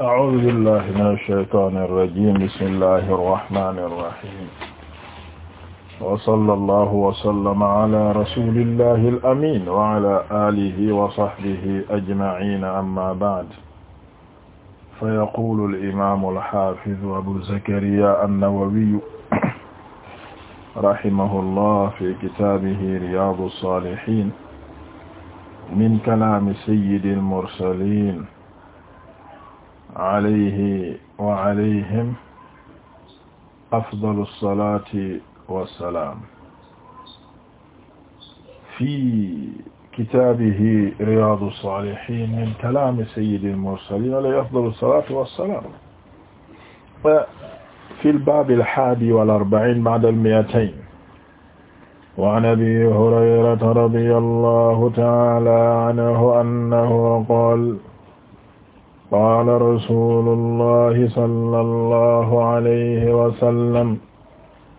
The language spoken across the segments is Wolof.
أعوذ بالله من الشيطان الرجيم بسم الله الرحمن الرحيم وصلى الله وسلم على رسول الله الأمين وعلى آله وصحبه أجمعين أما بعد فيقول الإمام الحافظ أبو زكريا النووي رحمه الله في كتابه رياض الصالحين من كلام سيد المرسلين alayhi wa alayhim afdalu salaati wa salaam fi kitaabihi riyaadu saalihiin min kalaami sayyidil mursaliin alayhi afdalu salaati wa salaam fil baabil haadi wal arba'iin ba'dal mi'atayn wa an abii hurayrata radiyallaahu ta'aalaa anhu annahu qaala qaala rasulullahi sallallahu alayhi wa sallam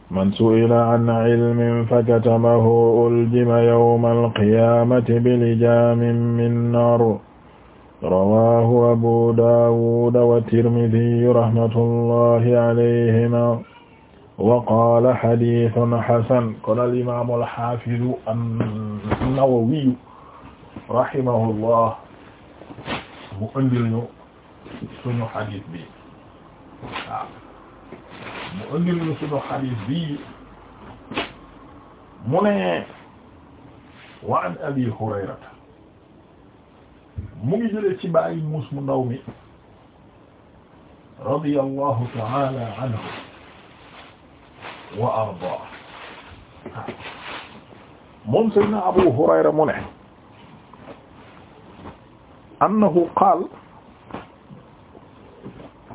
man su'ila an ilmin fakatamahu uljima yawmal qiyaamati bilijaamin min naar rawaahu abu daawuud wa tirmidiyu rahmatullahi alayhimaa wa qaala hadiisun hasan kon al imaamul haafidu an-nawawiyu rahimahullah mu indil ñu suñu xadiis bi waaw mu indil ñu suñu xadiis bi mu ne wa an abi hurayrata mu ngi jëlee ci bàyyi muus mu ndaw mi radiyallahu ta'ala anhu wa arda moom sayyidina abu hurayra mu ne annahu qaal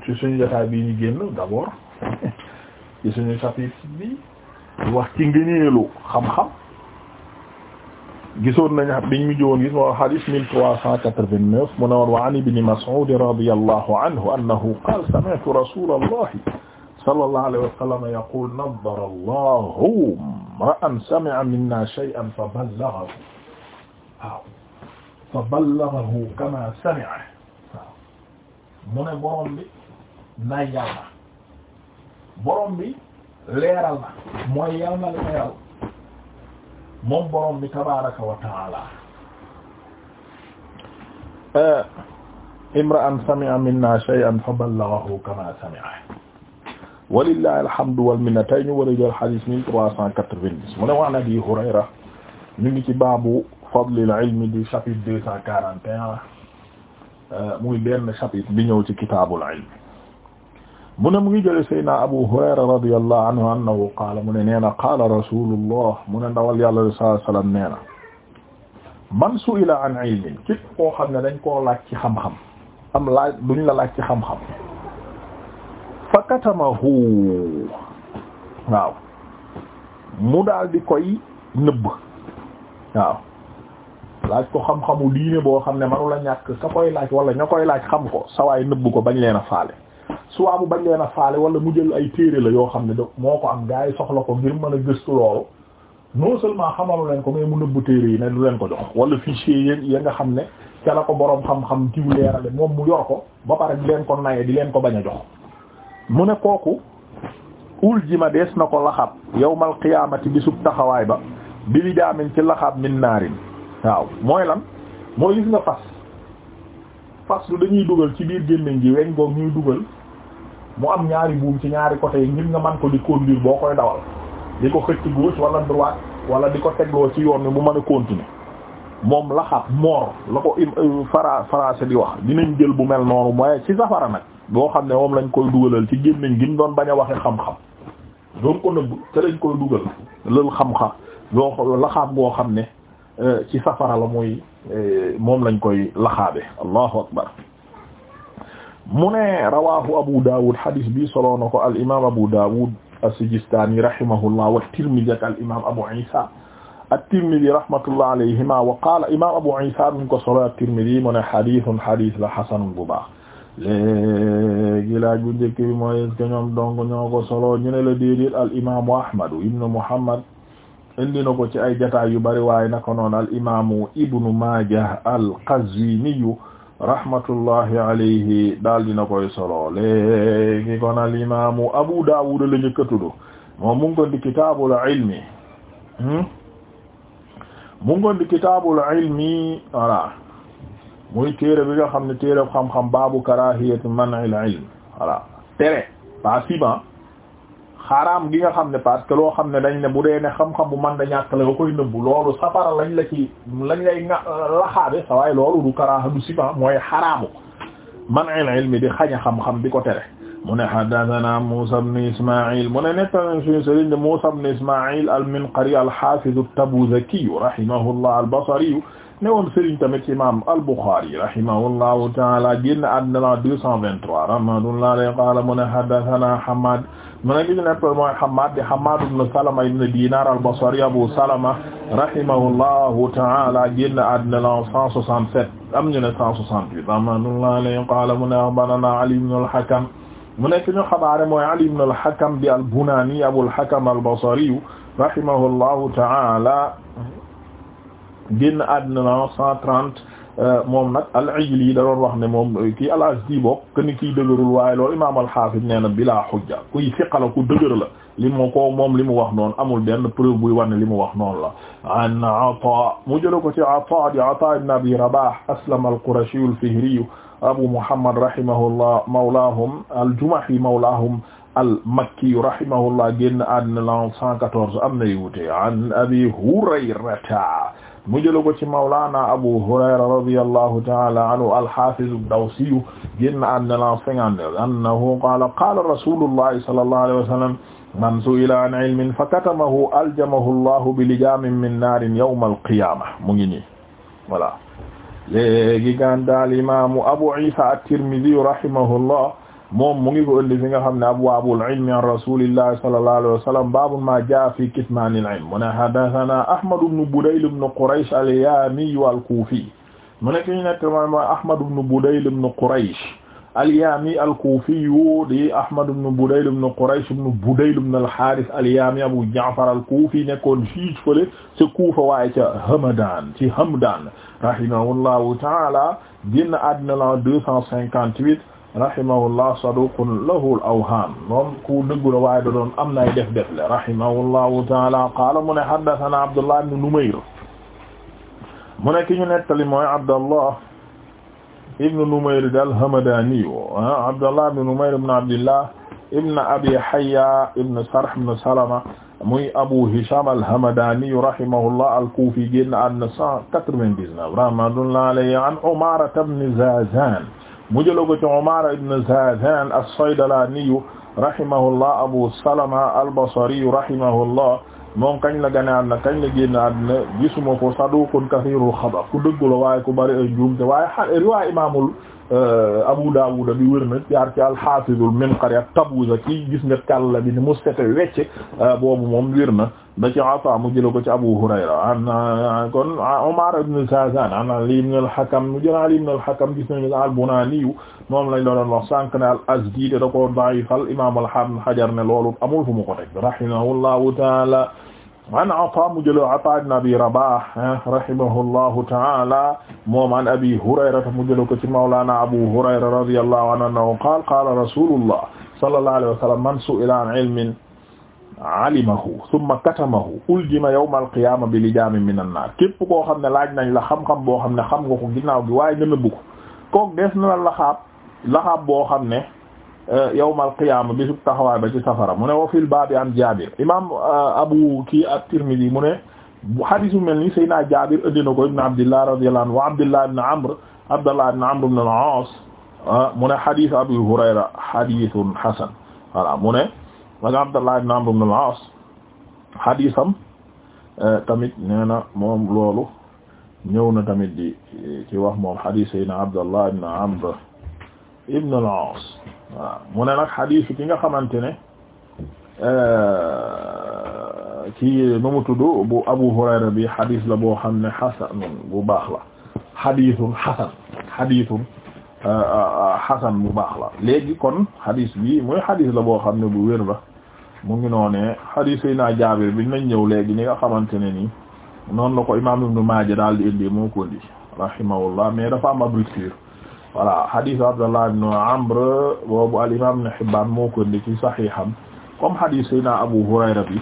ci suñu jotaay bii ñu génn d'abord ci suñu chapitre bi wax ci ngëneelu xam-xam gisoon nañu biñ mu jowoon gis moo hadith mille trois cent quatre-vingt-neuf mu ne woon wa an ibni Mas'ud radiyallahu anhu annahu qaal sami'tu rasulallahi sallallahu alayhi wa sallam yaqul nadara allahu imra'an sami'a minna shay'an fa ballaghahu waaw fa ballagahu kama sami'a waaw mu ne borom bi nayal na borom bi leeral na mooy yal na leeral moom borom bi tabaraka wa taala imra'an sami'a minna shay'an fa ballagahu kama sami'a walillahi alhamdu wal minna tey ñu war a jël hadith mille trois cent quatre-vingt-dix mu ne waan Abi Hurayra ñu ngi ci baabu fadlil ilmi di chapitre deux cent quarante et un euh, muy benn chapitre bi ñëw ci kitaabul ilmi mu ne mu ngi jële Seydina Abu Hurayra radiyallahu anhu annahu qaala mu ne nee na mu ne ndawal yàlla sallallahu alayhi wasallam nee na man su'ila an ilmin koo xam ne dañ koo laaj ci xam-xam am laaj duñ la laaj ci xam fa katamahu waaw mu daal di koy nëbb waaw laaj ko xam-xamu diine boo xam ne manu la ñàkk ka koy laaj wala ña koy laaj xam ko sawaay nëbb ko bañ leen a faale soit bu bañ leen a faale wala mu jël ay téere la yoo xam ne doo moo ko am gaa yi soxla ko ngir mën a gëstu loolu non seulement xamalu leen ko mais mu nëbb téere yi ne du leen ko jox wala fichier yi ya nga xam ne ca la ko boroom xam-xam tiw leerale moom mu yor ko ba pare di leen ko naye di leen ko bañ a jox mu ne kooku ul ji ma dees na ko laxab yawmal qiyaamati bisub taxawaay ba bi li daamin ci laxab min naarin waaw mooy lan mooy gis nga fas fas lu dañuy dugal ci biir gémmiñ gi weñ goog ñuy dugal mu am ñaari buum ci ñaari côté yi ngir nga man ko di conduire boo koy dawal di ko xëcc gauche wala droite wala di ko tegloo ci yoon wi mu mën a continuer moom laxaab moor la ko euh, fara français di wax dinañ jël bu mel noonu mooy ci safara nag boo xam ne moom lañ koy dugalal ci gémmiñ gi ñu doon bañ a waxe xam-xam doon ko nëbb te lañ koy dugal lël xam-xam xam ne Euh, ci safara la muy euh, moom lañ koy laxaabe allahu akbar mu ne rawahu Abu Dawud hadis bi soloo na ko al imam Abu Dawud as-Sijistani rahimahullah wa Tirmidhi ak al imam Abu Isa at-Tirmidhi rahmatullah alayhima wa qala imam Abu Isa min ko solo at-Tirmidhi mu ne hadithun hadith la hasan bu baax léegi laaj bu njëkk bi mooy est-ce que ñoom donc ñoo ko solo ñu ne la déedéet al imam Ahmad ibn Muhammad indi na ko ci ay jataay yu bari waaye naka noon al imaamu ibnu al Qazwiniyu rahmatullahi alayhi daal dina koy solo léegi kon al imaamu Abu Daawud la njëkk a tudd moom ko di kitaabul ilmi hmm? mu ko di kitaabul ilmi voilà muy téere bi nga xam ne téere xam-xam baabu karaahiyati man'il ilm tere pas siban xaraam gi nga xam ne parce loo xam ne dañ ne bu dee ne xam-xam bu man da ñàkk la nga koy nëbbu loolu safara la lañ lay nga laxaabe sa waaye loolu du karaaha du siba mooy xaraamu man ilmi di xañ a xam-xam di ko tere mu ne haddathana Muusaa na Ismaa'il mu ne nettana suñu sëriñ de Muusaa ibn Ismaa'il al-Minqari al-Haafiz at-Tabuzaki rahimahullah al-Basri newoon sëriñ tamit imam al-Bukhari rahimahullahu taala génn àddina la deux cent vingt-trois rahmatullah alayhi qaala mu ne haddathana Hammad mu ne ki ñu nekk mooy Hammad di Hammad ibn Salama ibn Dinar al-Basri Abu Salama rahimahullahu taala génn àddina la cent soixante-sept am ñu ne cent soixante-huit rahmatullah alayhi qaala mu ne akhbarana Ali ibn al-Hakam mu nekk ñu xabaare mooy Ali ibn al-Hakam di al-Bunani Abu al-Hakam al-Basri rahimahullahu taala génn àddina la cent trente euh, moom nag al-Ijli yi da doon wax ne moom kii al-Azdi bokk que ni kii dëgërul waaye loolu imaam al-Hafiz nee na bilaa xujja kuy fiqala ku dëgër la li mu ko moom li mu wax noonu amul benn preuve buy wane li mu wax noonu la an Ata mu jële ko ci Ata di Ata ibn Abi Rabah Aslam al-Qurashi al-Fihri Abu Muhammad rahimahullah mawlaahum al-Jumahi mawlaahum al-Makki rahimahullah génn àddina la cent quatorze am nay wute an Abi Hurayrata mu jëla ko ci mawlaana Abu Hurayra radiyallahu ta'ala anhu al-Hafiz ad-Dawsi génn àddina la cinquante-neuf annahu qaala qaala rasulullahi sallallahu alayhi wa sallam man su'ila an ilmin fakatamahu aljamahu Allahu bilijamin min naarin yawma al-qiyaama mu ngi nii voilà léegi gàndaal imaamu Abu Isa at-Tirmidhi rahimahullah moom mu ngi ko indi fi nga xam ne abwaabul ilmi an rasulillahi sallallahu alayhi wa sallam baabu ma jaa fi kitmaanil ilm mu ne haddathana ahmad ibn budayl ibn quraysh al-yaami al-kuufi mu nekk ñu nekk moom ahmad ibn budayl ibn quraysh al-yaami al-kuufi di ahmad ibn budayl ibn quraysh ibn budayl ibn al-haaris al-yaami abu ja'far al-kuufi nekkoon fii fële ca Kuufa waaye ca Hamadaan ci Hamdaan rahimahullahu ta'ala génn àddina la deux cent cinquante-huit rahimahullah saduqun lahu al-awham moom ku dëggu la waaye da doon am nay def def le rahimahullahu taala qaala mu ne haddathana Abdullah ibn Numayr mu ne ki ñu nettali mooy Abdullah ibn Numayr al-Hamadani Abdullah ibn Numayr ibn Abdillah ibn Abi Hayya ibn Sarh ibn Salama muy Abu Hisham al-Hamadani rahimahullah al-Kufi génn àdduna 199 rahmatullahi alayhi an Umaara ibn Zazan mu jëloon ko ci Umaara ibn Zaadaan as-Saydalaaniyu rahimahullah Abu Salama al-Basriyu rahimahullah moom kañ la gane àddina kañ la génn àddina gisuma ko saduqun kasiirul xata ku dëggu la waaye ku bari ay njuumte waaye riwaay imaamul euh, Abu Daawuda bi wér na jaar ci al-Haafiz al-Minqari at-Tabuuza ci gis nga kàlla bi ni mu sete wecc euh, boobu moom wér na da ci Ata mu jëla ko ci Abu Hurayra an kon Umar ibn Sazan an Ali ibn al-Hakam mu jël Ali ibn al-Hakam gis nañu al-Bunani moom lañ la doon wax sànq ne al-Azdi da ko da'ifal Imam al-Hafiz Hajar ne loolu amul fu mu ko teg rahimahullahu ta'ala an Ata mu jëla Ata ibn Abi Rabah rahimahullahu ta'ala moom an Abi Hurayra mu jëla ko ci Mawlana Abu Hurayra radiyallahu anhu qala qala rasulullah sallallahu alayhi wa sallam man su'ila an ilmin alimahu summa katamahu uljima yawma alqiyama bi lijamin min an naar képp koo xam ne laaj nañ la xam-xam boo xam ne xam nga ko ginnaaw gi waaye nëmé bugg kook des na la laxaab laxaab boo xam ne euh, yawma alqiyama bi sub taxawaay ba ci safara mu ne wa fil baabi an jabir imam euh, abu kii at-tirmidhi mu ne hadis bu mel ni sayna jabir indi na ko ibn abdillah radiyallahu anhu wa abdillah ibn amr abdallah ibn amr ibn al-aas ah, mu ne hadis abu hurayra hadithun hasan voilà mu ne ma nga Abdallah ibn Amr ibn al-As eh, tamit nee na moom loolu ñëw na tamit di ci wax moom xadiis na Abdallah ibn Amr ibn al-As mu ne nag xadiis ki nga xamante ne eh, kii nu mu tudd bu Abu Hurayra bi xadiis la boo xam ne xasanun bu baax la xadiisun xasan xadiisun xasan eh, bu baax la léegi kon xadiis bi mooy xadiis la boo xam ne bu wér la mu ngi noonee hadis yi naa bi nañ ñëw léegi ni nga xamante ne ni noonu la ko imaam Ibnu Maaja daal di indi moo ko indi rahimahullah mais dafa am ab rupture voilà hadis Abdallah Amr boobu al imaam Ibnu Hibbaan moo ko indi ci saxiixam comme hadis Abu Hurayra bi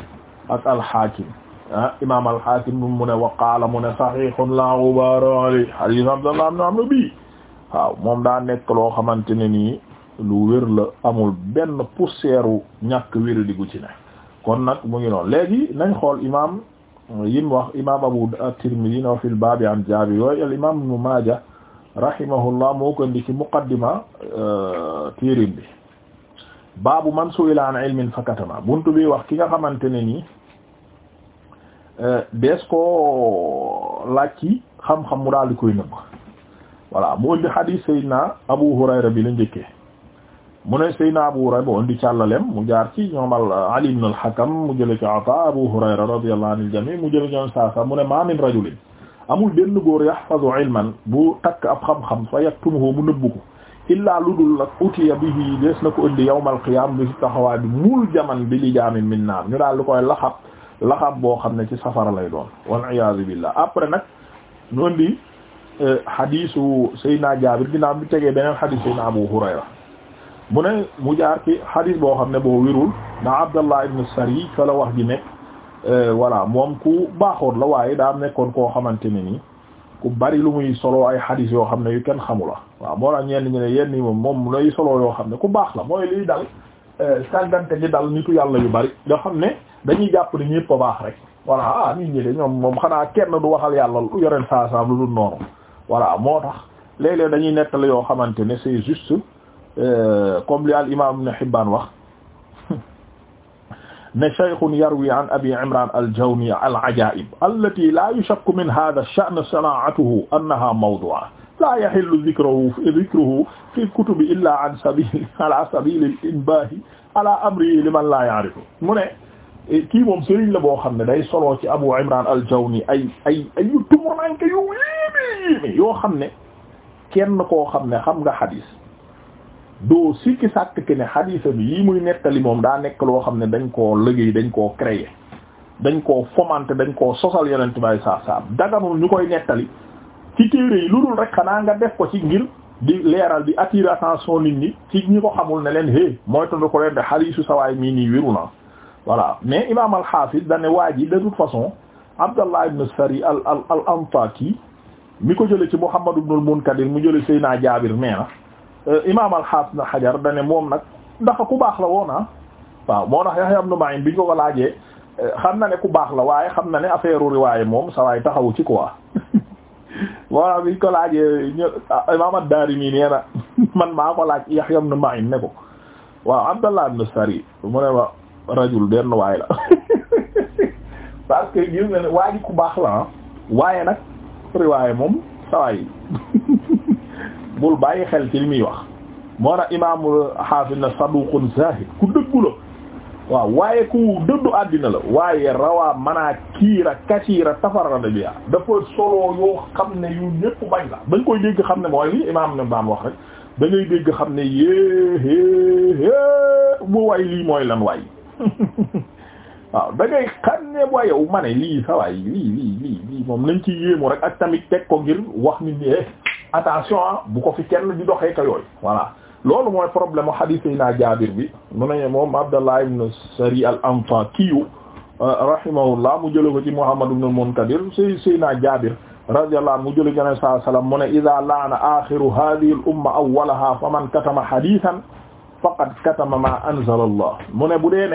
ak al-Haakim ah, imaam al-Haakim mu ne waqaala ne saxiixun laa gubaara alayhi hadis Abdallah ibn bi waaw moom daa nekk loo xamante ne nii. lu wér la amul benn poussière wu ñàkk wéradi gu ci ne kon nag mu ngi noonu léegi nañ xool imam yim wax imam Abu at-Tirmidhi no fil baabi an Jaabir yooyu al imam Ibn Maaja rahimahullah moo ko indi ci muqaddima euh, téerim bi baabu man su'ila an ilmin fakatama buntu bi wax ki nga xamante ne nii euh, dees ko laaj ci xam-xam mu daal di koy nëbb voilà mu indi hadith Seydina Abu Hurayra bi la njëkke mu ne Seydina Abu Hurayra bo indi càllalem mu jaar ci ñoom euh, Ali ibn al-Hakam mu jële ci Ata Abu Hurayra radiyallahu anil jami mu jële ci ñoom saasa mu ne ma min rajulin amul benn góor yahfazu ilman bu takk ab xam-xam fa yaktumuhu mu nëbbu ko illaa lu dul ak utiya bihi dees na ko indi yawmal qiyaam bi ci taxawaay bi mul jaman bi li jaamin min naar ñu daal lu koy laxab laxab boo xam ne ci safara lay doon wal iyaazu billah après nag ñu indi euh, hadiisu Seydina Jaabir ginnaaw bi tegee beneen hadiis Seydina Abu Hurayra mu ne mu jaar ci hadith boo xam ne boo wirul na Abdallah ibn Sari fa la wax ji nekk euh, voilà moom ku baaxoon la waaye daa nekkoon koo xamante ne ni ku bari lu muy solo ay hadith yoo xam ne yu kenn xamu la waaw moo la ñenn ñu ne yenn yi moom moom lay solo yoo xam ne ku baax la mooy liy dal euh, sàggante gi dal nitu yàlla yu bari nga xam ne dañuy jàpp ni ñépp a baax rek voilà ah nit ñi de ñoom moom xanaa kenn du waxal yàlla yoreen saa saa lu dul noonu moo tax léeg-léeg dañuy yoo xamante ne c'est Euh, comme li al imam ibn Hibbaan wax ne shaykhun yarwi an abi imran al-Jawni al-ajaa'ib allati la yushakku min hadha ash-sha'n sana'atuhu annaha mawdu'a la yahillu dhikruhu dhikruhu fi kutubi illa an sabili ala sabili al-inbahi ala amrihi liman la ya'rifu mu ne kii moom sëriñ la boo xam ne day soloo ci abu imran al-Jawni ay ay ay yu tumuranke yu yéeme yéeme yoo xam ne kenn koo xam ne xam nga hadis doo sikki sàkk ki ne xadiisa bi yi muy nettali moom daa nekk loo xam ne dañ koo liggéey dañ koo créer dañ koo fomante dañ koo sosal yonent bay saa saa daganul ñu koy nettali ci téere yi lu dul rek xanaa nga def ko ci ngir di leeral di attirer attention nit ñi ci ñi ko xamul ne leen hé mooy tontu ko leen de xadiisu sawaay mii nii wiru na voilà mais imaam al-Hafiz dane waa ji de toute façon Abdallah ibn Sari al al al Antaki mi ko jële ci Muhammad ibn al-Munkadir mu jële Seyna Jaabir nee na Euh, imaam alxaas na xajar dane moom nag ndax ku baax la woona ah. waaw moo tax Yahya ibn Ma'in bi ñu ko laajee euh, xam na ne ku baax la waaye xam na ne affaire riwaay moom sa taxawu ci quoi moo tax bi ñu ko laajee ah, imaam ad-Daarimi nee na man maa ko laaj Yahya ibn Ma'in ne ko waaw Abdallah ibn Sari mu ne ma rajul benn waay la parce gis nga ne waa ku baax la ah. waaye nag riwaay moom sa bul bàyyi xel ci li muy wax moo tax imaamul xaafis na saduqun zahid ku dëggu la waaw waaye ku dëddu àddina la waaye rawaa manaa kiira kasiira tafarrada biha dafa solo yoo xam ne yu ñëpp bañ la bañ koy dégg xam ne mooy li na baam wax rek da ngay xam ne yéé lii mooy lan waay waaw da ngay xam ne ba yow ma lii sawaay lii lii lii lii moom nañ ci yéemu rek ak tamit teg ko ngir wax nit ñi eh, attention ah, bu ko fi kenn di doxee ka yooyu loolu mooy problème mu hadith yi naa Jaabir bi mu ne moom Abdallah ibn Sari al-Anfakiyu euh, rahimahullah mu jële ko ci Muhammad ibn al-Munkadir say say naa Jaabir radiyallahu anhu mu jële ci Nabi sallallahu alayhi wasallam mu ne idha la'ana akhiru hadhihi al-umma faman katama hadithan faqad katama ma anzala Allah mu bu dee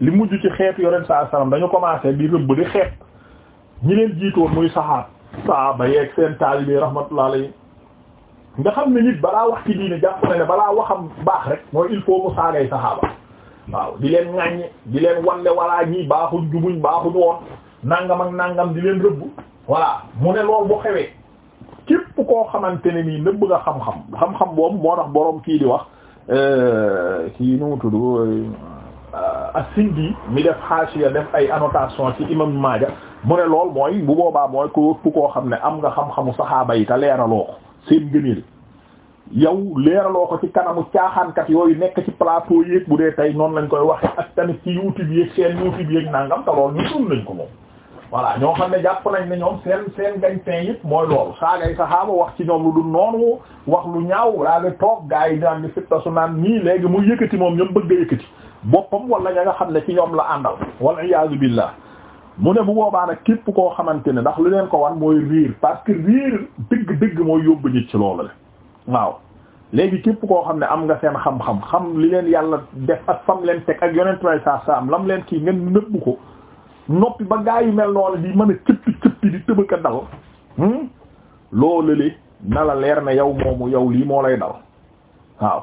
li mujj ci xeet yonent sallallahu daño wasallam dañu commencé di bu di xeet ñi leen jiitoon muy saxaat sahaaba yeeg seen taalibe rahmatullahi alayhi nga xam ne nit balaa wax ci diine jàpp na ne balaa waxam baax rek mooy il faut mu saagay saxaaba waaw di leen ŋàññe di leen wanle walaa ñii baaxuñ jumuñ baaxuñ woon nangam ak nangam di leen rëbb voilà mu ne lool bu xewee képp koo xamante ne nii nëbb nga xam-xam xam moo tax boroom kii di wax euh, kii nu mu tudd euh, as-Sindi mi def haashiya def ay annotation ci imam Maaja mu ne lool mooy bu boobaa mooy ku koo xam ne am nga xam-xamu saxaaba yi te leeraloo seen gëneel yow leeraloo ko ci kanamu caaxaankat yooyu nekk ci plateau yéeg bu dee tey noonu lañ koy waxe ak tamit ci YouTube yéeg seen YouTube yéeg nangam te loolu ñu sun nañ ko moom voilà ñoo xam ne jàpp nañ ne ñoom seen seen gañtin yëpp mooy loolu saagay saxaaba wax ci ñoom lu du noonu wax lu ñaaw laa nga toog gars yi daan di fitta su naan nii léegi mu yëkkati moom ñoom bëgg a yëkkati boppam wala ña nga xam ne ci ñoom la àndal wal iyaazu billah mu ne bu boobaa nag képp koo xamante ne ndax lu leen ko wan mooy riir parce que riir dëgg-dëgg mooy yóbbu nit ci loolu la waaw léegi képp koo xam ne am nga seen xam-xam xam li leen yàlla def ak fam leen teg ak yonent way saa saam lam leen kii ngeen nëbb ko noppi ba gaa yu mel noonu di mën a cëppi cëppi di tëbëk a dal hmm? loolu li na la leer ne yow moomu yow lii moo lay dal waaw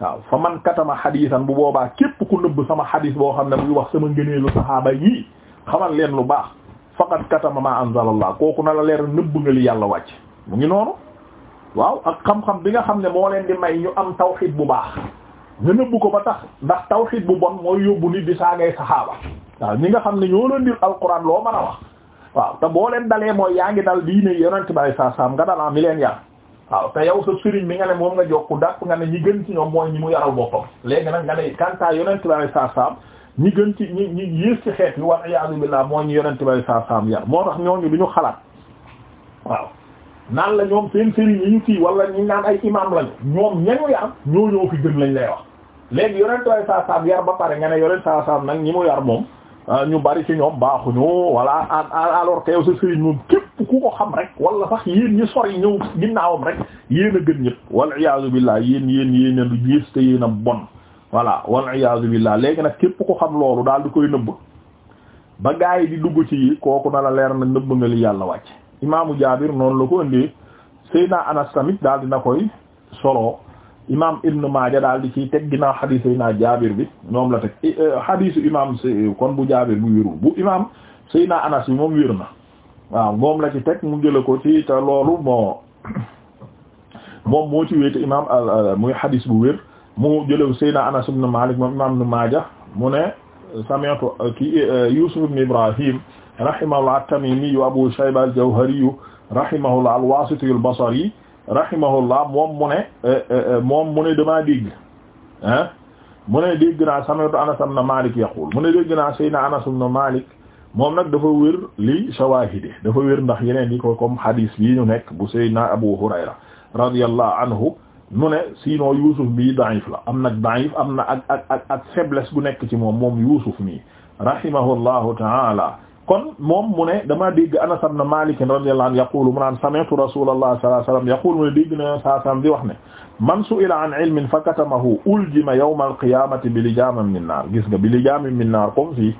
waaw fa man katama xadiisan bu boobaa képp ku nëbb sama xadiis boo xam ne muy wax sama ngëneelu saxaaba yi xamal leen lu baax faqad katama ma anzalallah kooku na la leer nëbb nga li yàlla wàcc mu ngi noonu waaw ak xam-xam bi nga xam ne moo leen di may ñu am tawxiid bu baax nga nëbb ko ba tax ndax tawxiid bu bon mooy yóbbu nit di saagay saxaaba waaw ñi nga xam ne ñoo leen di alquran loo mën a wax waaw te boo leen dalee mooy yaa ngi dal diine yonent bari saa saam nga dal mi leen yar waaw te yow sa sëriñ mi nga ne moom nga jokku dàpp nga ne ñi gën ci ñoom mooy ñi mu yaral boppam nga ne ñi gën ci ñi ñi yées ci xeet yi war iyasu billah moo ñu yonente bay saa saam yar moo tax ñooñu du ñu xalaat waaw naan la ñoom seen sëriñ yi ñu kii wala ñu naan ay imam lañu ñoom ñañu yar ñoo ñoo fi gën lañ lay wax léegi yonente bay saa saam yar ba pare nga ne yonent saa nag ñi mu yar moom ah, ñu bari ci ñoom baaxuñu wala alors que yow sa sëriñ moom képp ku ko xam rek wala sax yéen ñi sori ñëw ginnaawam rek yéen a gën ñëpp wal iyasu billah yéen yéen yéen a du yées te yéen bon voilà wal iyaazu billah léegi nag képp ko xam loolu daal di koy nëbb ba gaa di dugg ci yi kooku na la leer na nëbb nga li yàlla wàcc imaamu jaabir noonu la ko ëndee Seydina Anas tamit daal dina koy solo imaam Ibn Maaja daal di ciy teg ginnaaw xadiis Seydina jaabir bi ñoom la teg eh, eh, xadiisu imaam kon bu jaabir bu wérul bu imaam Seydina Anas bi moom wér na waaw moom la ci teg mu jëla ko ci te loolu moo moom moo ci wéete imaam muy xadiis bu wér mu jëlew Seydina Anas ibn Malik moom imam Ibn Maaja mu ne sami'tu uh, ki uh, Yusuf ibn Ibrahim rahimahullah at-Tamimi yu Abu Shayba al-Jawhari yu rahimahullah al-Wasiti al-Basri rahimahullah moom mu ne uh, moom mu ne damaa dégg ah mu ne dégg naa sami'tu Anas ibn Malik yaqul mu ne dégg naa Seydina Anas ibn Malik moom nag dafa wér li shawahidi dafa wér ndax yeneen yi ko comme hadis bi ñu nekk bu Seydina Abu Hurayra radiyallahu anhu mu ne sinon Yuusuf bi daif la am nag daif am na ak ak ak ak faiblesse gu nekk ci moom moom Yuusuf mi rahimahullahu taala kon moom mu ne dama dégg Anas ibn Malik radiyallahu anhu yaqulu mu naan sami'tu rasulullah sallallahu alayhi wasallam yaqulu mu ne dégg na saa sam di wax ne man su'ila an ilmin fa katamahu uljima yawma alqiyamati bi lijamin min naar gis nga bi lijamin min naar comme si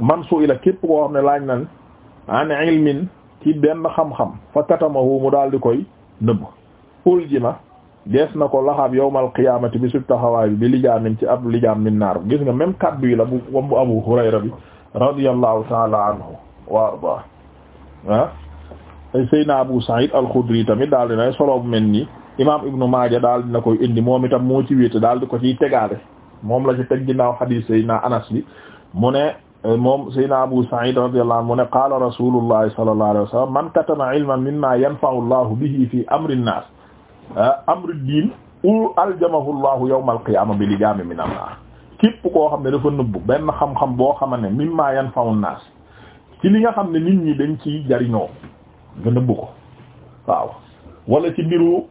man su'ila képp koo xam ne laaj nan an ilmin ci benn xam-xam fa katamahu mu daal di koy nëbb uljima dees na ko laxaab yawmal qiyaamati bi su taxawaay bi bi lijaamin ci ab lijaam min naar gis nga même kaddu yi la bu wam bu Abu Hurayra bi radiyallahu taala anhu wa arda ah? Abu Sa'id al tamit daal dinay solo bu mel ni imaam Ibnu Maaja daal dina indi moom itam moo ci wéete daal di ko ciy tegaale moom la ci teg ginnaaw xadiis Seydina Anas bi mu ne eh, moom Seydina Abu Sa'id radiyallahu anhu mu ne rasulullahi sallallahu man katama ilman mimma yanfa'u Allahu bihi fi amri an Ah, amru diin u aljamahullahu yawmal qiyaama bi di lijaami min annaar képp koo xam ne dafa nëbbu benn xam-xam boo xam ne mimma yanfa'u naas ci li nga xam ne nit ñi dañ ci jariñoo nga nëbbu ko waaw wala ci mbiru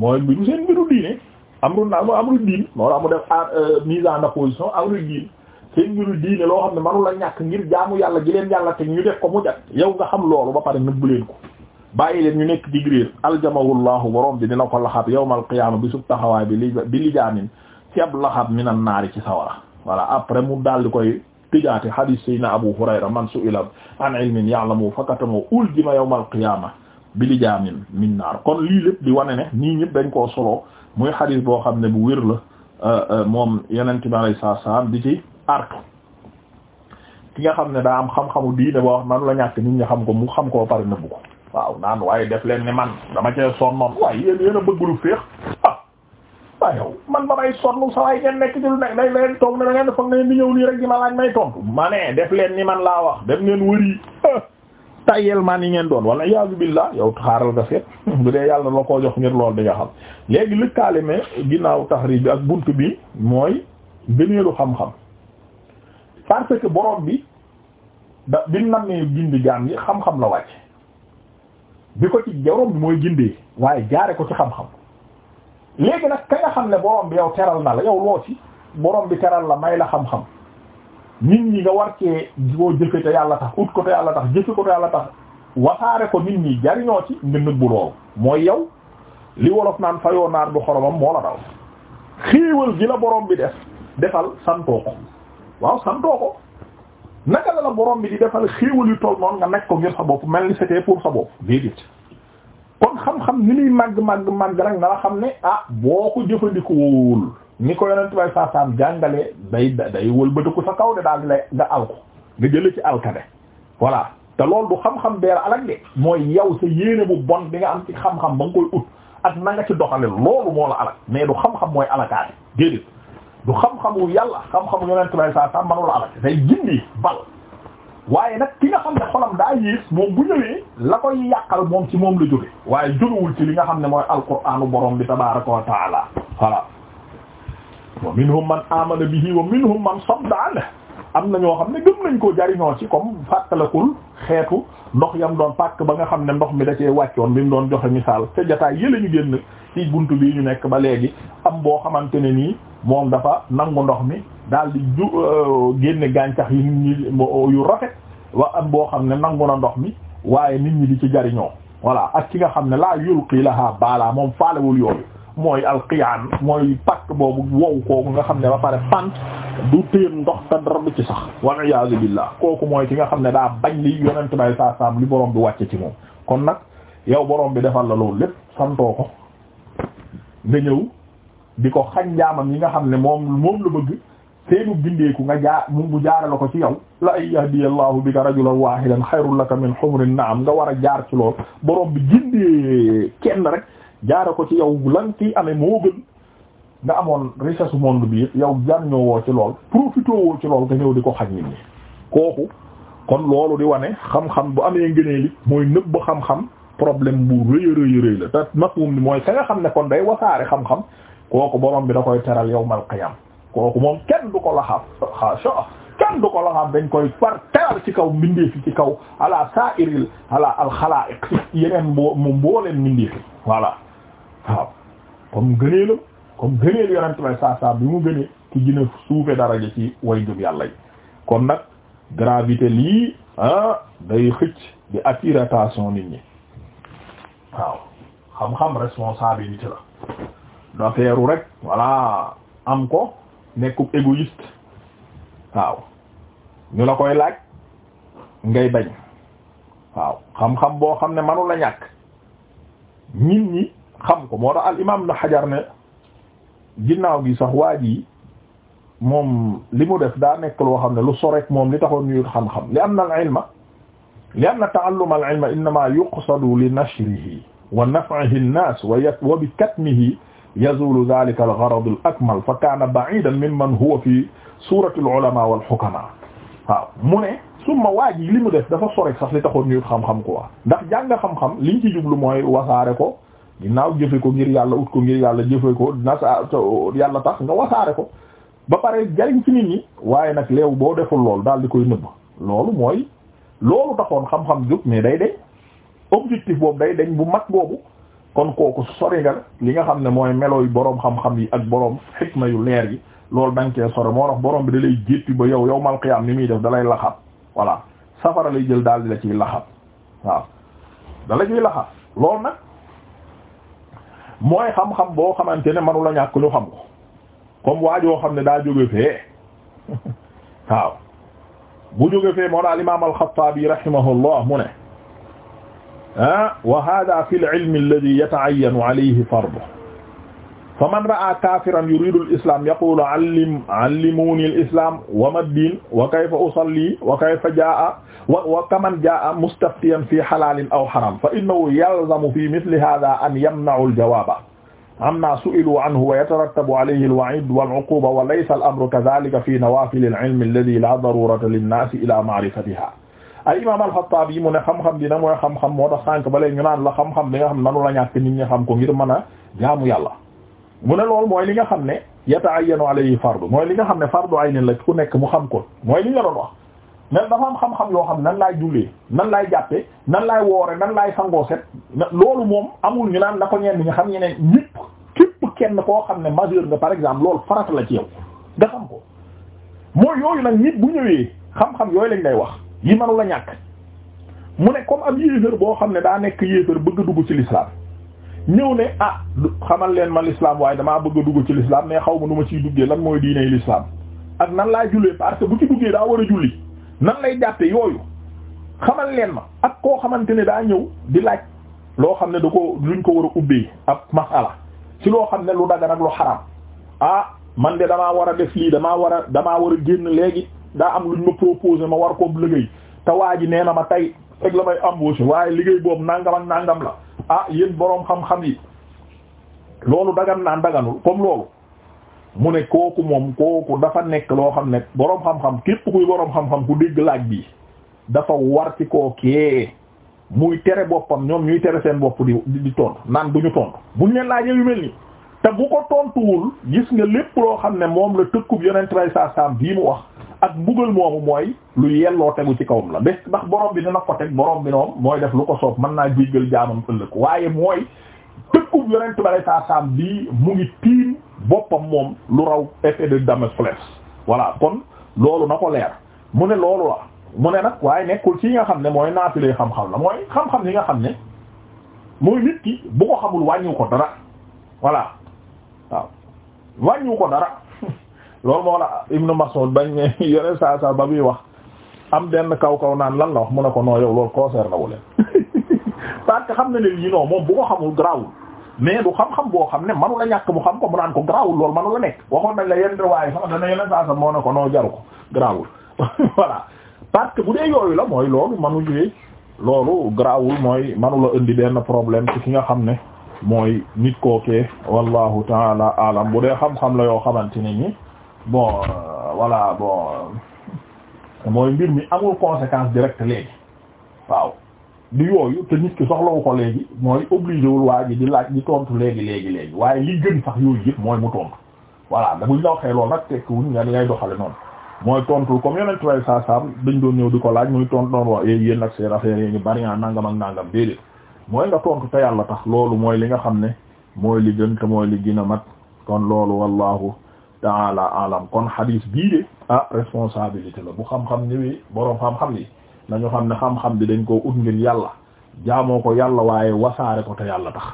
mooy mbiru seen mbiru diine amru naas mooy amru diin moo tax mu def ah, euh, mise en opposition amru diin seen mbiru diine loo xam ne mënu la ñàkk ngir jaamu yàlla ji leen yàlla te ñu def ko mu jag yow nga xam loolu ba pare nëbbu leen ko bàyyi leen ñu nekk ci griir aljamahullahu borom bi dina ko laxab yawmal qiyaama bi sub taxawaay bi li bi lijaamin ci ab laxab minan naari ci sawara voilà après mu daal di koy tëjaate hadith sayna abu hurayra man su'ila an ilmin ya'lamu fakatamo uljima yawmal qiyaama bi lijaamin min naar kon lii lépp di wane ne nii ñëpp dañ koo solo muy hadith boo xam ne bu wér la euh, euh, moom yenente bi alayhi salaam di ci artu ki nga xam ne daa am xam-xamu diine boo ma manu la ñàkk nit ñi xam ko mu xam koo pare nëbb ko waaw naan waaye def leen ni man dama cee sonnoon waaye yéen yéen bëgg lu féex ah waaye yow man ba may sonn sa waay ngeen nekk ci lu nekk day leen toog ne da ngeen foog ne di nii ne man laa wax def ngeen man yi ngeen doon wala yaasu billah yow xaaral nga seet bu dee yàlla la ko jox ngir lool di xam léegi lëkkaale me ginnaaw taxriij bi ak bunt bi mooy lu xam-xam parce que bi da bi nam ne gindi jaam yi xam-xam la wàcc bi ko ci jarom bi mooy gindee waaye jaare ko ci xam-xam léegi nag ka nga xam ne borom bi yow teral na la yow loo ci borom bi teral la may la xam-xam nit ñi nga war cee koo jëfe te yàlla tax ut ko te yàlla tax jëfe ko te yàlla tax wasaare ko nit ñi jariñoo ci nga nëbbu loolu mooy yow li wolof naan fayoo naar bu xoromam moo la daw xiiwal gi la borom bi def defal santoo ko waaw santoo ko naka la la borom bi di defal xéewal yu toll noonu nga nekk ko ngir sa bopp mel ni c'était pour sa bopp déedéet kon xam-xam ni muy màgg màgg màgg nag nga la xam ne ah boo ko jëfandikoowul ni ko yonent bay saa saam jàngalee day day wëlbatiku sa kaw de daal di lay nga al ko nga jël ci alkade voilà te loolu du xam-xam beera alak de mooy yow sa yéene bu bon bi nga am ci xam-xam ba nga koy ut ak na ci doxale loolu moo la alak mais du xam-xam mooy alakaate déedéet du xam-xamu yàlla xam-xamu yonent bay saa saa manula alak day gindi bal waaye nag ki nga xam ne xolam daa yiis moom bu ñëwee la koy yàqal moom ci moom la jóge waaye jógewul ci li nga xam ne mooy alquranu borom bi tabaraka wa taala wa minhum man amana bihi wa minhum man sadda anhu am na ñoo xam ne gëm nañ koo jariñoo ci comme fàttalakul xeetu ndox yam doon pàkk ba nga xam ne ndox mi da cee wàccoon bi mu doon joxe misaal te jotaay yële ñu génn ci buntu bii ñu nekk ba léegi am boo xamante ne nii moom dafa nangu ndox mi daal di ju euh, génne gàncax yi nit ñi yu rafet wa am boo xam ne nangu na ndox mi waaye nit ñi di ci jariñoo voilà ak ki nga xam ne laa yulqi laha baala moom faalewul yooyu mooy alqiyaan mooy pàkk boobu wow kooku nga xam ne ba pare pant du téem ndox te dara ci sax wal iyaazu billah kooku mooy ki nga xam ne daa bañ li yonent bay saa li borom bi wàcce ci moom kon nag yow boroom bi defal la loolu lépp santoo ko nga ñëw di ko xañ jaamam yi nga xam ne moom moom la bëgg seenu bindeeku nga jaar mu bu jaaral ko ci yow la ay yahdiyallahu bika rajulan wahidan xayrul laka min humrin am nga war a jaar ci lool boroom bi gindee kenn rek jaare ko ci yow lan ki amee moo gën nga amoon richesse monde bi yëpp yow jariñoo woo ci lool profité woo ci lool nga ñëw di ko xam nit ñi kooku kon loolu di wane xam-xam bu amee ngëneel li mooy nëbb xam-xam problème bu rëy a rëy la te mafhum ni mooy ka nga xam ne kon day wasaare xam-xam kooku borom bi da koy teral yawmal qiyam kooku moom kenn du ko laxaaf kenn du ko laxaaf dañ koy par teral ci kaw mbindeefi ci kaw ala sa'iril ala al xalaaiq yeneen mbo mu mbooleen mbindeefi voilà waaw comme comme gëneel bi mu gënee ki gën a suufe daraja ci way jub yàlla yi kon nag gravité lii ah, day xëcc di attirer nit ñi waaw xam-xam responsabilité la dafeeru rek voilà am ko nekkub égoïste waaw ñu la koy laaj ngay bañ waaw xam-xam boo xam ne manu la ñàkk nit ñi xam ko moo tax al imam na xajar ne ginnaaw gi sax waa ji moom li mu def daa nekk loo xam ne lu sorek moom li taxoon ñuy xam-xam li anna al ilma li anna ta'alluma al ilma innama yuqsadu li nashrihi wa naf'ihi an-nas wa bi katmihi yazulu dhalika al gharad al akmal fa kana ba'idan mimman huwa fi surati al ulama wal hukama waaw mu ne summa waa ji li mu def dafa sorek sax li taxoon ñuy xam-xam quoi ndax jàng xam-xam liñ ci jublu mooy wasaare ko ginnaaw jëfe ko ngir yàlla ut ko ngir yàlla jëfe ko nasa yàlla tax nga wasaare ko ba pare jariñ ci nit ñi waaye nag leew boo deful loolu daal di koy nëbb loolu mooy loolu taxoon xam-xam jóg mais day deñ objectif boobu day deñ bu mag boobu kon kooku sori nga li nga xam ne mooy melooy boroom xam-xam yi ak boroom xikma yu leer yi loolu da nga cee sori moo tax boroom bi da lay jéppi ba yow yow mal xiyaam ni muy def dalay lay laxab voilà safara lay jël daal di la ciy laxab mooy xam-xam boo xamante ne manu la ñàkk ñu xam ko comme waajoo xam ne daa jóge fee waaw bu jóge fee moo daal imaam al-Xattaabi rahimahullah mu ne ah wa hada fi al-ilm alladhi yata'ayyanu alayhi farduhu fa man raa kafiran yuridu islam yaqulu allim allimuni l islam wa ma diin wa kayfa usalli wa kayfa jaa wa wa kaman jaa mustaftiyan fi xalaalin aw xaram fa innahu yalzamu fi mithli hada an yamnau aljawaaba amma su'ilu anhu wa yatarattabu alayhi alwa'id wal'uquba wa laysa al-amru kadhalika fi nawafil al-ilm alladhi la darurata lin-nasi ila ma'rifatiha ay imam al-Khattabi yi mu ne xam-xam dina mooy xam-xam moo tax sànk ba léegi ñu naan la xam-xam bi nga xam nanu la ñàkk nit ñi xam ko ngir mën a jaamu yàlla mu ne loolu mooy li nga xam ne ay yata'ayyanu alayhi fardu mooy li nga xam ne fardu aynin la ku nekk mu xam ko mooy li nga doon wax mais dafa am xam-xam yoo xam nan laay jullee nan laay jàppe nan laay woore nan laay sangoo set loolu moom amul ñu naan na ko ñenn ñu xam ñeneen ñëpp képp kenn koo xam ne majeur nga par exemple loolu farata la ci yow nga xam ko mooy yooyu nag nit bu ñëwee xam-xam yooyu lañ lay wax yi mënu la ñàkk mu ne comme am yéefar boo xam ne daa nekk yéefar bëgg dugg ci l'islam ñëw ne ah xamal leen ma l'islam waaye damaa bëgg dugg ci l'islam mais xaw ma nu ma ciy duggee lan mooy diiney l'islam ak nan laa jullee parce que bu ci duggee daa war a julli nan lay jàppe yooyu xamal leen ma ak koo xamante ne daa ñëw di laaj loo xam ne du ko luñ ko war a ubbee ab masala ci loo xam ne lu dagan ak lu xaraam ah man de damaa war a def lii damaa war a damaa war a génn léegi daa am luñ ma proposé ma war ko liggéey te waa ji nee na ma tey fekk la may embauché waaye liggéey boobu nangam nangam la ah yéen boroom xam-xam yi loolu dagan naan daganul comme loolu mu ne kooku moom kooku dafa nekk loo xam ne boroom xam-xam képp kuy boroom xam-xam ku dégg laaj bi dafa warti koo kookee muy tere boppam ñoom ñuy tere seen bopp di di tontu naan bu ñu tontu buñ leen laajee yu mel nii te bu ko tontuwul gis nga lépp loo xam ne moom la tëkkub yonent bay saa saam bii mu wax ak mbugal moomu mooy lu yelloo tegu ci kaw la bés ndax borom bi dina ko teg borom bi noom mooy def lu ko soob mën naa jéggal jaamam ëllëg waaye mooy tëkkub yonent bale saa saam bii mu ngi tiim boppam moom lu raw effet de Damoclès voilà kon loolu na ko leer mu ne loolu la mu ne nag waaye nekkul ci nga xam ne mooy naafile xam-xam la mooy xam-xam yi nga xam ne mooy nit ki bu ko xamul wàññiw ko dara voilà waaw wàññiw ko dara loolu moo la Ibnu Mas'ud bañ ne yore saa saa ba muy wax am benn kaw kaw naan lan la wax mu ne ko noo yow loolu la wu leen parce xam na ne lii non moom bu ko xamul garaawul mais du xam-xam boo xam ne manu la ñàkk mu xam ko mu naan ko garaawul loolu manu la nekk waxoon nañ la yenn waaye sax dana yenn saa sa moo ne ko noo jaru ko garaawul voilà parce que bu dee yooyu la mooy loolu manu jugee loolu garaawul mooy manu la indi benn problème ci ki nga xam ne mooy nit kookee wallahu taala alam bu dee yoo xamante ne ni bon euh, voilà bon mooy mbir mi amul conséquence directe léegi waaw di yooyu te ki ki soxlawu ko léegi mooy obligé wul waa ji di laaj di tontu léegi léegi léegi waaye li gën sax yooyu yëpp mooy mu tontu voilà da buñ la waxee loolu nag tekkiwuñ nga ngay doxale noonu mooy tontu comme yonent way saa sam dañ doon ñëw di ko laaj muy tontu doon wax eh, yéen nag seen affaire yi ngi bari ah, nangam ak nangam déedéet mooy nga tontu te yàlla tax loolu mooy li nga xam ne mooy li gën te li gën a mat kon loolu wallahu taala alam kon hadis bii de ah responsabilité la bu xam-xam ñëwee boroom xam-xam yi nañu xam ne xam-xam bi dañ koo ut ngir yàlla jaamoo ko yàlla waaye wasaare ko te yàlla tax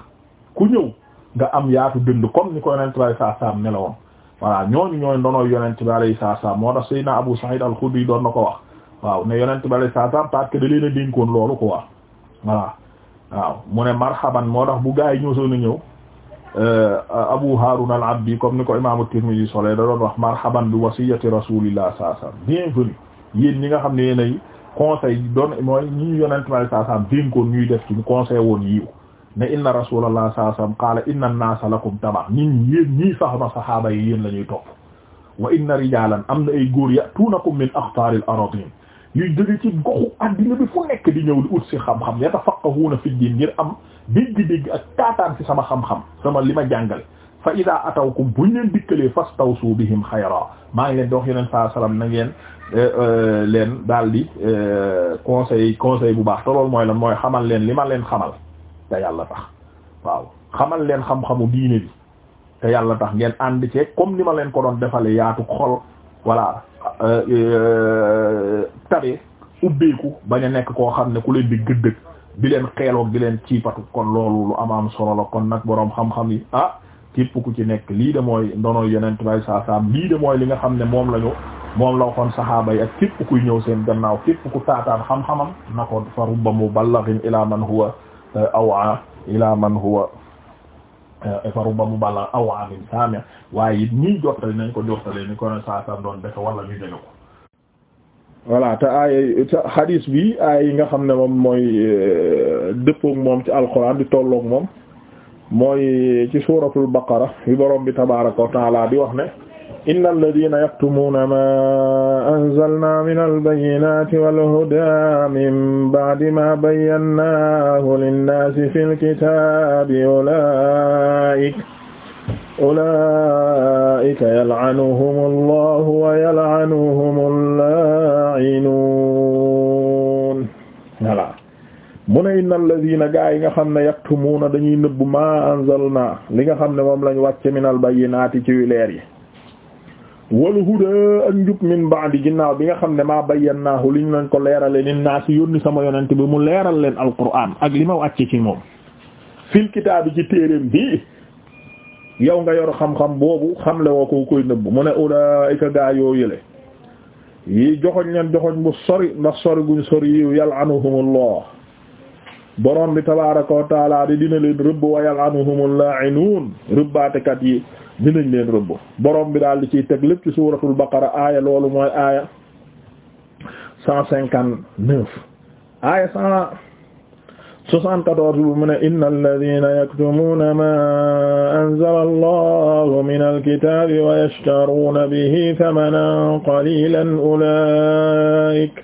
ku ñëw nga am yaatu dënd comme ni ko yonent bi alayhi salaatu salaam ne la woon voilà ñooñu ñooy ndono yonent bi alayhi salaatu moo tax Seydina Abu Sa'id al-Khudri doon na ko wax waaw ne yonent bi alayhi salaatu salaam parce que da leen a dénkoon loolu quoi voilà waaw mu ne marhaban moo tax bu gaa yi ñëw soo ñëw Euh, Abu Harun al-Abdi comme ni ko imaamu Tirmidhi solo da doon wax marhaban bi wasiyati rasulillah sallallahu alayhi wasallam bienvenue yéen ñi nga xam ne yéen ay conseil doon mooy ñi ñu yonent sallallahu alayhi wasallam dénkoon ñuy def ci ñu conseil woon yiw ne inna rasulullah sallallahu alayhi wasallam qaala inna lakum taba ñi yéen ñii saxaba saxaaba yi yéen la ñuy topp wa inna rijalan am na ay góor ya'tuunakum min aqtaaril aradin yuy jóge ci goxu addina bi fu nekk di ñëw di ut si xam-xam yatafaqqahuuna fi diin ngir dégg-dégg ak taataan ci sama xam-xam sama li ma jàngale fa ida atawkum buñ leen dikkalee fastawsu bihim xayra maa ngi leen di wax yeneen saa salaam na ngeen eh, eh, leen daal di eh, conseil conseil bu baax te mooy lan mooy xamal leen li ma leen xamal te yàlla tax waaw xamal leen xam-xamu diine bi te yàlla tax ngeen ànd ce comme ni ma leen ko doon defale yaatu xol voilà tabe ubbeeku bañ nekk koo xam ne ku leen di gëddëg bi leen xeeloog di leen ciipatu kon loolu lu am am solo la kon nag boroom xam-xam yi ah képp ku ci nekk lii de mooy ndono yenent bay saa saam lii de mooy li nga xam ne moom lañu moom la waxoon saxaaba yi ak képp kuy ñëw seen gannaaw képp ku taataan xam-xamam na ko fa rubba muballighin ilaa man huwa eh, aw'a ilaa man huwa eh, fa rubba muballighin aw'a min saami' waaye it ñiy jottali nañ ko jottali ni ko ne saa saam doon defe wala ñu dégg ko voilà te aaya te bi aaya nga xam ne moom mooy euh, dëppook moom ci alxuraan di tollook moom mooy ci suuratul baqara fi borom bi tabaaraka wa taala wax ne inna alladina yaktumuuna ma anzalna min albayinati walhuda min ba'di ma bayyannaahu linnaasi fi lkitaabi ulaa'ika ulaa'ika yal'anuhumu allahu wa yal'anuhumu laa'inuun voilà mu ne inna alladhiina gaa yi nga xam ne yaktumuuna dañuy nëbb maa anzalnaa li nga xam ne moom lañu wàcce minal bayyinaati ci leer yi wal huda ak njub min ba'di ginnaaw bi nga xam ne maa bayyannaahu liñ lañ ko leerale lin naasi yónni sama yonent bi mu leeral leen alquraan ak li ma wàcce ci moom fil kitaabi ci téereem bi yow nga yor xam-xam boobu xamlewoo ko koy nëbb mu ne ulaa'ika gaa yoo yële yi joxoñ leen joxoñ bu sori ndax sori guñ sori yiw yal'anuhumullah borom bi tabaaraka wa taala di dina leen rëbb wa yal'anuhumul laa'inuun rëbbaatekat yi dinañ leen rëbb boroom bi daal di ciy teg lépp ci suuratul baqara aaya loolu mooy aaya cent cinquante neuf aaya cent 74 bu mu ne inna alladina yaktumuna ma anzala allahu min alkitabi wa yashtaruna bihi thamanan qalilan ulaika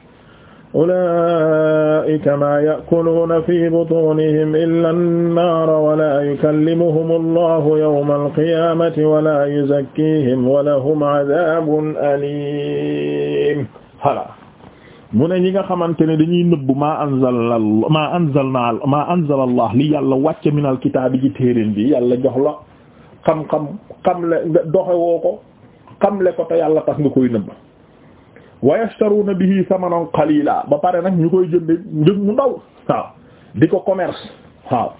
ulaika ma ya'kuluna fi butunihim illa an-nara wa la yukallimuhum allahu yawma alqiyamati wa la yuzakkihim wa lahum adhabun alim hala mu ne ñi nga xamante ne dañuy nëbb maa anzal maa anzal naa maa anzal allah li yàlla wàcce minal kitaabi ji téeréen bi yàlla jox la xam-xam xamle nga doxewoo ko xamle ko te yàlla tax nga koy nëbb wa yashtaruna bihi samanan qalila ba pare nag ñu koy jënde njëg mu ndaw waaw di ko commerce waaw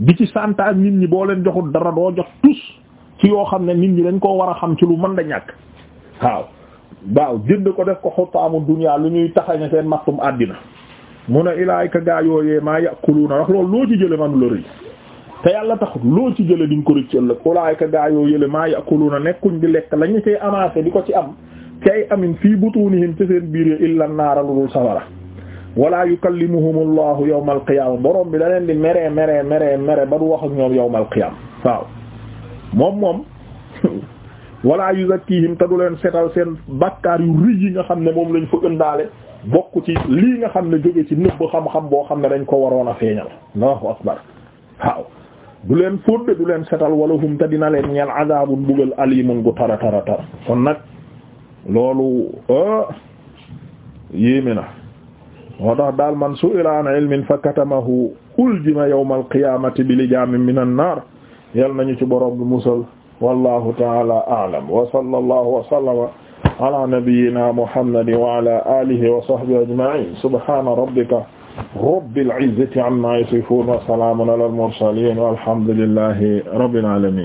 di ci santaan nit ñi boo leen joxul dara doo jox tus ci yoo xam ne nit ñi dañ koo war a xam ci lu mën da ñàkk waaw waaw jënd ko def ko amul dunya lu ñuy taxañe seen mattum àddina mu ne ilaayka gaa yooyee maa yàquluuna wax loolu loo ci jële manu la rëy te yàlla taxut loo ci jële di ko rëcc ëllëg olaayka gaa yoo yële maa yàquluuna nekkuñ di lekk la ñu cay amassé di ko ci am ci ay amin fii butunihim ci seen biir illa naara lu dul sawara wala yukallimuhum allahu yawma alqiyama borom bi da leen di meree meree meree mere ba du wax ak ñoom yawma alqiyama waaw moom moom wala yuzakkihim te du leen setal seen bakkaar yu rëy yi nga xam ne moom lañ fa ëndaale bokku ci lii nga xam ne jóge ci nëbb xam-xam boo xam ne dañ ko waroon a feeñal Allahu akbar waaw du leen fóotde du leen setal wala hum te dina leen ñeel azabun mbugal alimun gu tara tara tar kon nag loolu ah, yéeme na moo tax daal man su'ila an ilmin fa katamahu uljima yawma alqiyamati bi lijamin min an nar yal nañu ci borom bi musal wallahu taala a'lam wa sallallahu wa sallama ala nabiyyina muhammadin wa ala alihi wa sahbihi ajma'in subhana rabbika rabbil izzati amma yasifun wa salamun ala al mursalin walhamdulillahi rabbil alamin